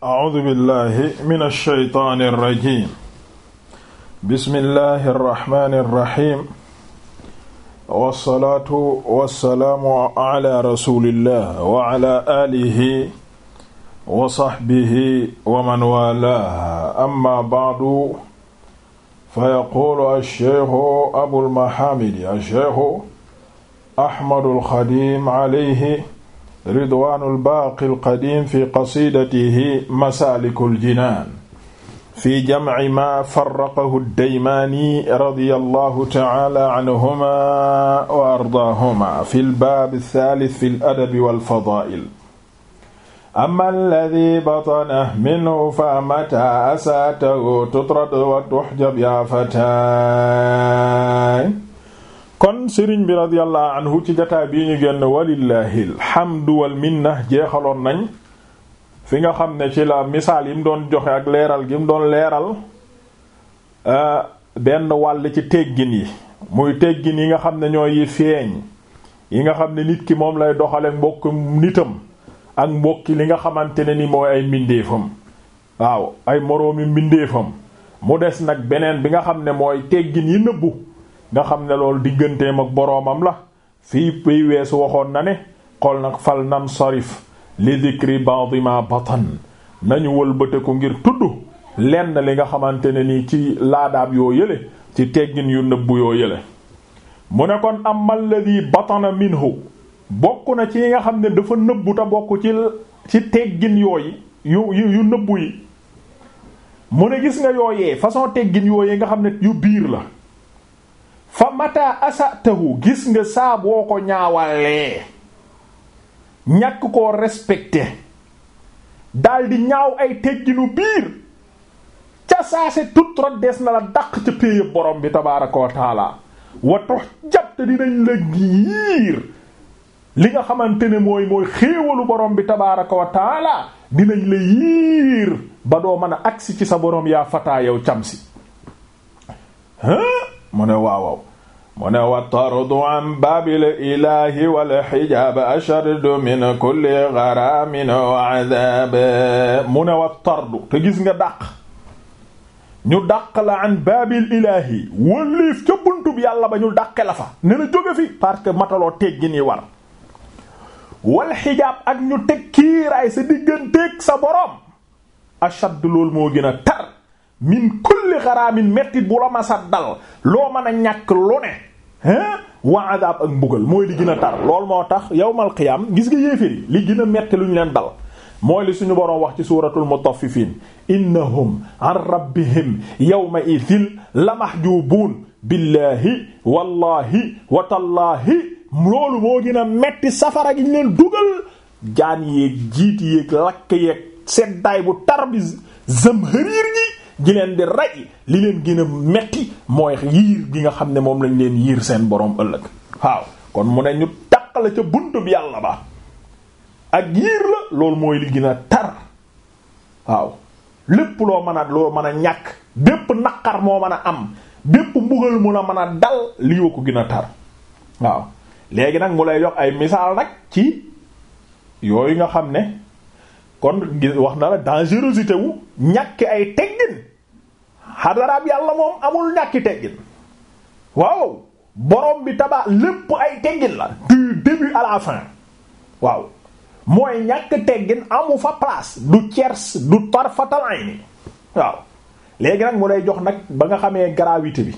A'uuzu billaahi mina shaytaani rajiim. Bismillaahi rahmaani rahiim. Wassalaatu wassalaamu alaa rasuulillaah wa alaa aalihi wa sahbihi wa man waalaah. Ammaa ba'du, fayaquulu ash-shaykhu Abul Mahaamid ash-shaykhu Ahmadul Xadiim alayhi ridwaanul baaqil qadiim fi qasiidatihi masaalikul jinaan fi jamci maa farraqahu daymaani radiyallahu ta'aala anhumaa wa ardaahumaa fil baabi saalis fil adabi wal fadaa'il. ammaa alladii batanahu minhu fa mataa asaatahu tutrad wa tuhjab yaa fataay. kon sëriñ bi radiyallahu anhu ci jataay bii ñu génn walillahi alhamdu wal minna jeexaloon nañ fi nga xam ne ci la misaal yi mu doon joxe ak leeral gi mu doon leeral euh, benn wàll ci teggin yi muy teggin yi nga xam ne ñooy yi feeñ yi nga xam ne nit ki moom lay doxale mbokk nitam ak mbokki li nga xamante ne ni mooy ay mbindeefam waaw ay moroomi mbindeefam mu des nag beneen bi nga xam ne mooy teggin yi nëbbu nga xam ne loolu digganteem ak boroomam la fii bay weesu waxoon na ne xool nag fal nam sarif li dikri badima batan nañu wëlbateku ngir tudd lenn li nga xamante ne nii ci laadaab yoo yële ci teggin yu nëbbu yoo yële mu ne kon am alladi batana minhu bokk na ci nga xam ne dafa nëbbu te bokk ci ci teggin yooyu yu yu yi mu ne gis nga yooyee façon teggin yooyee nga xam ne yu biir la fa mata asatahu gis nga saaboo ko ñaawalee ñàkk koo respecté daldi ñaaw ay tegginu biir ca saase tut rot des na la dàq ca péeyëb borom bi tabaraka wa taala wa tox jabte dinañ la giir li nga xamante ne mooy mooy xéewalu borom bi tabaraka wa taala dinañ la yiir ba doo mën a agsi ci sa borom yaa fataa yow cam si mu ne waaw mu ne wa tardu an baabil ilahi wal xijaab ashaddu min kulli gharaamin wa adaab mu ne wa tardu te gis nga dàq ñu dàq la an baabil ilahi wëlliif ca buntub yàlla ba ñu dàqe la fa ne la jóge fi parce que mataloo teggi nii war wal xijaab ak ñu teg kiiraay sa digganteeg sa boroom ashaddu loolu moo gën a tar min kulli xaraamin mettit bu la masa dal loo mën a ñàkk lu ne wa adab ak mbugal mooy li gën a tar loolu moo tax yawmal qiyaam gis nga yéeféri li gën a metti lu ñu leen dal mooy li suñu boroom wax ci suuratul mutaffifiin innahum an rabbihim yawma idhin la mahjubuun billaahi wallaahi watallaahi loolu moo gën a metti safara gi ñu leen dugal jaan yéeg jiit yéeg lakk yéeg seddaay bu tar bi zamhariir gi gi leen di rey li leen gën a metti mooy yiir gi nga xam ne moom lañ leen yiir seen boroom ëllëg waaw kon mu ne ñu taq la ca buntu bi yàlla ba ak yiir la loolu mooy li gën a tar waaw lépp loo mën a loo mën a ñàkk bépp naqar moo mën a am bépp mbugal mu la mën a dal lii wa ko gën a tar waaw léegi nag mu lay jox ay misaal rek ci yooyu nga xam ne kon wax na la dangerosité wu ñàkk ay teggin xadaraab yàlla moom amul ñàkki teggin waaw borom bi taba lépp ay teggin la du début à waaw mooy ñàkk teggin amu fa place du tiers du tarfatal ayni waaw léegi nag moo lay jox nag ba nga xamee gravité bi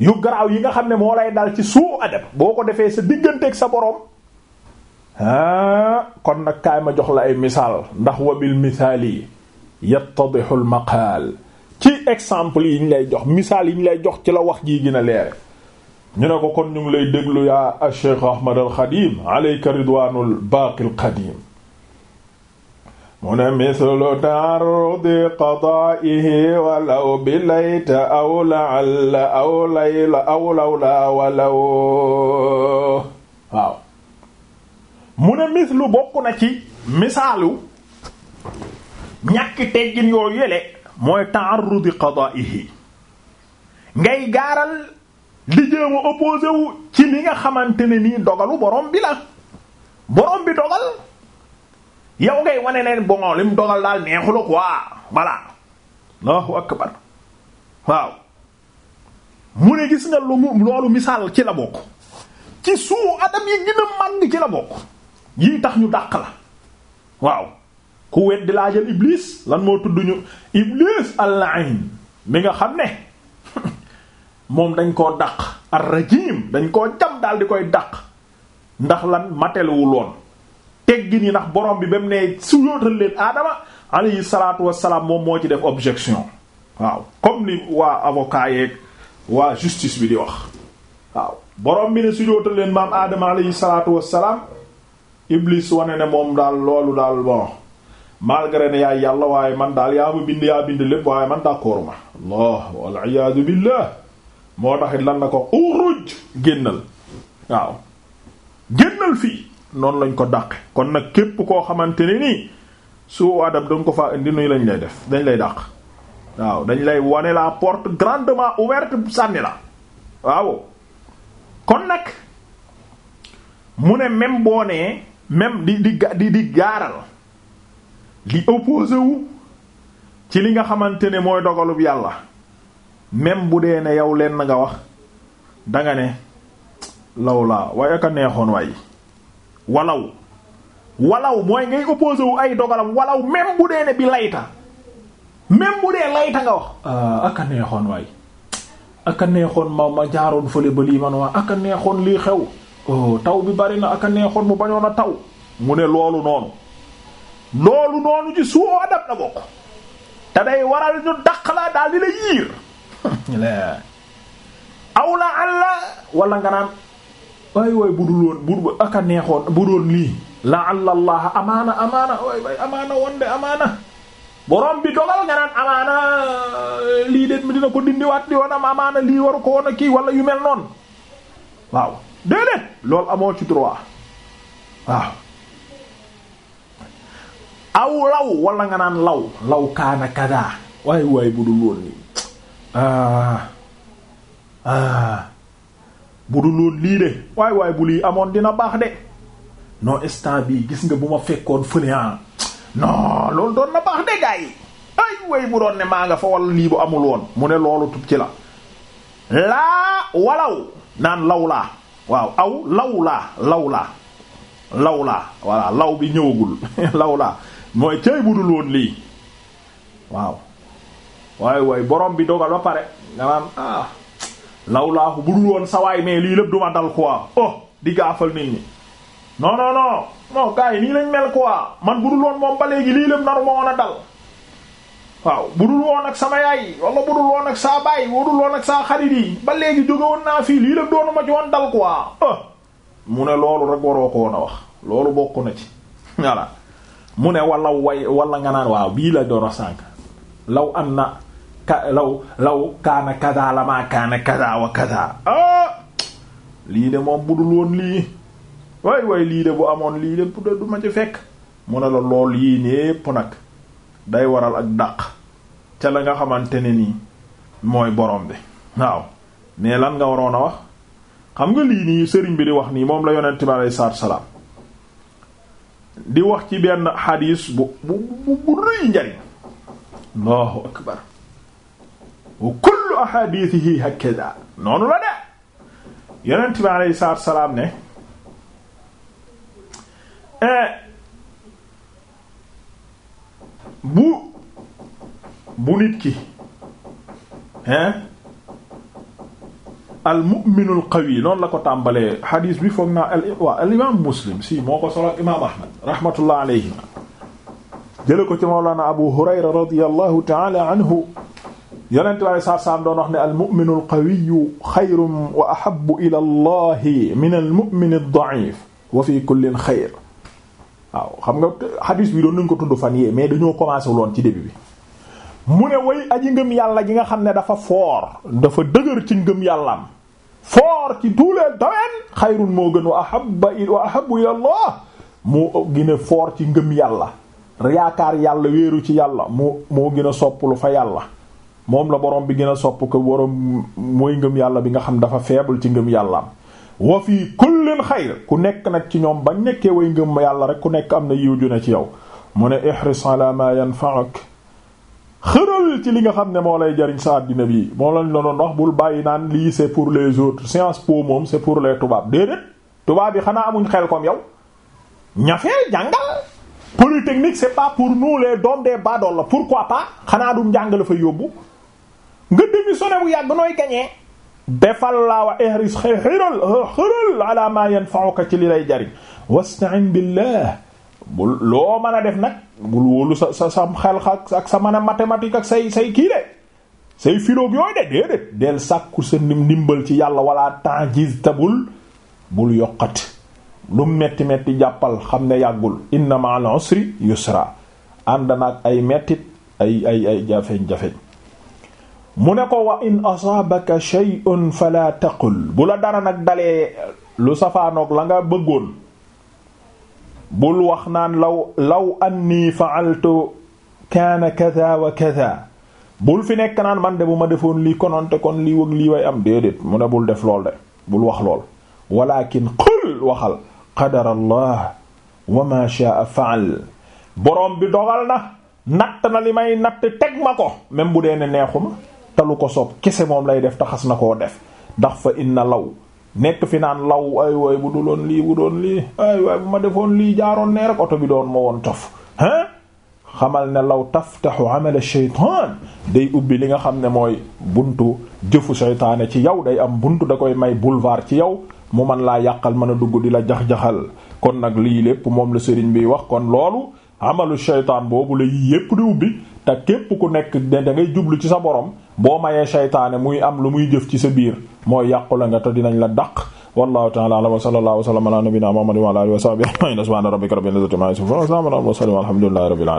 yu garaaw yi nga xam ne moo lay dal ci suu adab boo ko defee sa digganteeg sa borom ah kon nag kaay ma jox la ay misaal ndax wabil misaal yi yattadihu al maqaal exemple yi lay jox misaal yi ñu lay jox ci la wax jii gën a leere ñu ne ko kon ñu ngi lay déglu yaa Cheikh Ahmad al Xadim alayka ridwaanul baaqi al qadim mu ne mislu taarudi qadaa'ihi walaw bi layta aw la'alla aw layla aw lawla walaw mu ne lu bokk na ci misaalu ñàkki teggin yoo yele mooy ta'arrudi qada'ihi ngay gaaral di jéema ci li nga xamante ne nii dogalu boroom bi la borom bi dogal yow ngay wane ne bomo lim dogal daal neexu la quoi voilà allahu akbar mu ne gis nga lu mu loolu misaal ci la bokk ci suu adam yi gën a màgg ci la bokk yii tax ñu dàq la waaw ku weddi laajal iblis lan moo tudd ñu iblis al-la'in mi nga xam ne moom dañ koo dàq a rajim dañ koo jam daal di koy dàq ndax lan mateluwu loon teggi ni ndax borom bi ba mu ne suyootal leen aadama alayhi salaatu wassalaam moom moo ci def objection waaw comme li waa avocat yeeg waa justice bi di wax waaw borom bi ne suyootal leen maam aadama alayhi salaatu wassalaam Iblis wane ne moom daal loolu daal bon malgré yaay yàlla waaye man daal yaa ma bind yaa bind lépp waaye man d'accord ma allah wal iyaadu billah moo taxit lan la ko uruj génnal waaw génnal fii noonu lañ ko dàq kon nag képp koo xamante ne nii suu adab danga ko faa indi nuy lañ lay def dañ lay dàq waaw dañ lay wane la porte grandement ouverte sànni la waaw kon nag mu ne même boo même di di di di gaaral di opposé wu ci li nga xamante ne mooy dogalub yàlla même bu dee ne yow leen na nga wax danga ne lawlaa waaye ak a neexoon waay walaw walaw mooy ngay opposé wu ay dogalam walaw même bu dee ne bi layta même bu dee layta nga wax ah, ak a neexoon waay ak a neexoon ma ma jaaroon fa ba lii man waa ak a neexoon lii xew Oh, taw bi bari na ak neexoon mu bañoon a taw mu ne loolu noonu loolu noonu ci suufoo adab na bokk waral ñu daq la daal di la yiir aw la àlla wala nga naan waay waay bu dul woon bu ak a neexoon bu lii la allah amaana amaana waay waay amaana wonde amaana borom bi dogal nga amaana lii déet mi dina ko dindiwaat di woon am amaana lii waru ko woon a kii wala yu mel noonu waaw déedéet loolu amoo ci droit waaw aw law wala nga naan law law kaana kadaa waay waay bu dul woon nii ah. ah. bu dul woon lii de waay waay bu lii amoon dina baax de non instant bii gis nga bu ma fekkoon fële ah non loolu doon na baax de gaa yi ay bu doon ne maa nga fa wala lii bu amul woon mu ne loolu tub ci la laa walaw naan law laa waaw aw lawlaa lawlaa laa voilà law bi ñëwagul law laa mooy cay budul woon lii waaw waaye waay borom bi dogal ba pare nga naan ah lawlaa bu budul woon sawaay mais lii lépp duma dal quoi oh di gaafal nit ñi non non non nii lañ mel quoi man budul woon moom ba léegi lii lépp naru ma woon a dal waaw bu dul woon ak sama yaay wala bu dul woon ak saa baay bu dul woon ak saa xarit yi ba léegi jóge woon naa fii lii la doonu ma ci woon dal quoi ah mu ne loolu rek waroo ko woon a wax loolu bokk na ci voilà mu ne walla way walla nga naan waaw bii la doon a sànk law am na ka law law kaana kada la maa kaana kada wa kada lii de moom bu dul woon lii waay waay lii de bu amoon lii de bu du ma ci fekk mu ne la lool yii ñépp nag day waral ak dàq ca la nga xamante ne nii mooy borom bi waaw mais lan nga waroon a wax xam nga lii nii sëriñ bi di wax nii moom la yonent bi aleyhi salaatu salaam di wax ci benn xadiis bu bu bu bu rëy njariñ allahu akbar wa kullu ahadithihi hakaza noonu la de yonent bi aleyhi salaam ne eh, bu bu nit ki hein al mu'minul qawi noonu la ko tàmbalee xadiis bi foog naa al waa al imaam muslim si moo ko solo imaam ahmad rahmatullah alayhima jële ko ci mawlana abu hurayra radiyallahu ta'ala anhu yonente bi alei satu salaam doon wax ne almuminu alqawiyu xayrun wa ahabu ila allahi min almumini alda'if wa fi kullin xayr waaw xam nga hadis bi doon nañ ko tudd fan yee mais dañoo commencé wuloon ci début bi mu ne way aji ngëm yàlla gi nga xam ne dafa foor dafa dëgër ci ngëm yàllaam foor ci tous les domaines moo gën wa ahabba wa ahabbu ila Allah moo gën a foor ci ngëm yàlla yaakaar yàlla wéeru ci yàlla moo moo gën a sopplu fa yàlla moom la borom bi gën a sopp ko borom mooy ngëm yàlla bi nga xam dafa faible ci ngëm yàllaam wa fii kullin xayr ku nekk nag ci ñoom bañ nekkee way ngëm yàlla rek ku nekk am na yiw ju ne ci yow mu ne ihris ala ma yanfa'uk xëral ci li nga xam ne moo lay jariñ sa àddina bi moo lañ la doon wax bul bàyyi naan lii c'est pour les autres science po moom c'est pour les tubaab déedéet tubaab yi xanaa amuñ xel comme yow ñafee jàngal polytechnique c'est pas pour nous doom dons des badol la pourquoi pas xanaa du njàng la fa yóbbu nga démissionné bu yàgg defal laa wa ihris xiral xiral ala ma yanfa'uka ci li lay jariñ wasta'in billah bul loo mën a def nag bul wóolu sa sa sam xel ak sa mën a mathématique ak say say kii de say philo yooyu de déedéet del sàkku sa ndimbal ci yàlla wala ta'jiz te bul bul yokkat lu metti metti jàppal xam ne yàggul inna ma'al usri yusra ànd naag ay mettit ay ay ay jafeñ jafeñ mu ne ko wa in asaabaka shay'un fala taqul bu la dara nag dalee lu safaanoog la nga bëggoon bul wax naan law law anni fa'altu kaana kadha wa kadha bul fi nekk naan man de bu ma defoon lii kononte kon lii wëg lii way am déedéet mu ne bul def lool de bul wax lool walakin qul waxal qadara allah wa ma sha'a fa'al boroom bi dogal na natt na li may natt teg ma ko même bu dee ne neexuma talu ko soob kese moom lay def taxas na koo def ndax fa inna law nekk fi naan law ay waay bu loon lii bu doon lii ay waay bu ma defoon lii jaaroon nee rek oto bi doon ma woon taf hein xamal ne law taf taftaxu amala shaytaan day ubbi li nga xam ne mooy buntu jëfu shaytaane ci yow day am bunt da koy may boulevard ci yow mu man laa yàqal mën a dugg di la jax-jaxal kon nag lii lépp moom la sëriñ bi wax kon loolu amalu shaytaan boobu la yii yépp di te képp ku nekk da ngay jublu ci sa borom boo mayee seytaane muy am lu muy jëf ci sa biir mooy yàqu la nga te la daq wallahu ta'ala a'lam wa sallallahu wa sallama ala nabina wa ala wa sahbihi ajma'in subhana rabbika rabbil izzati amma yasifun wa salamun ala al mursalin walhamdulillahi rabbil alamin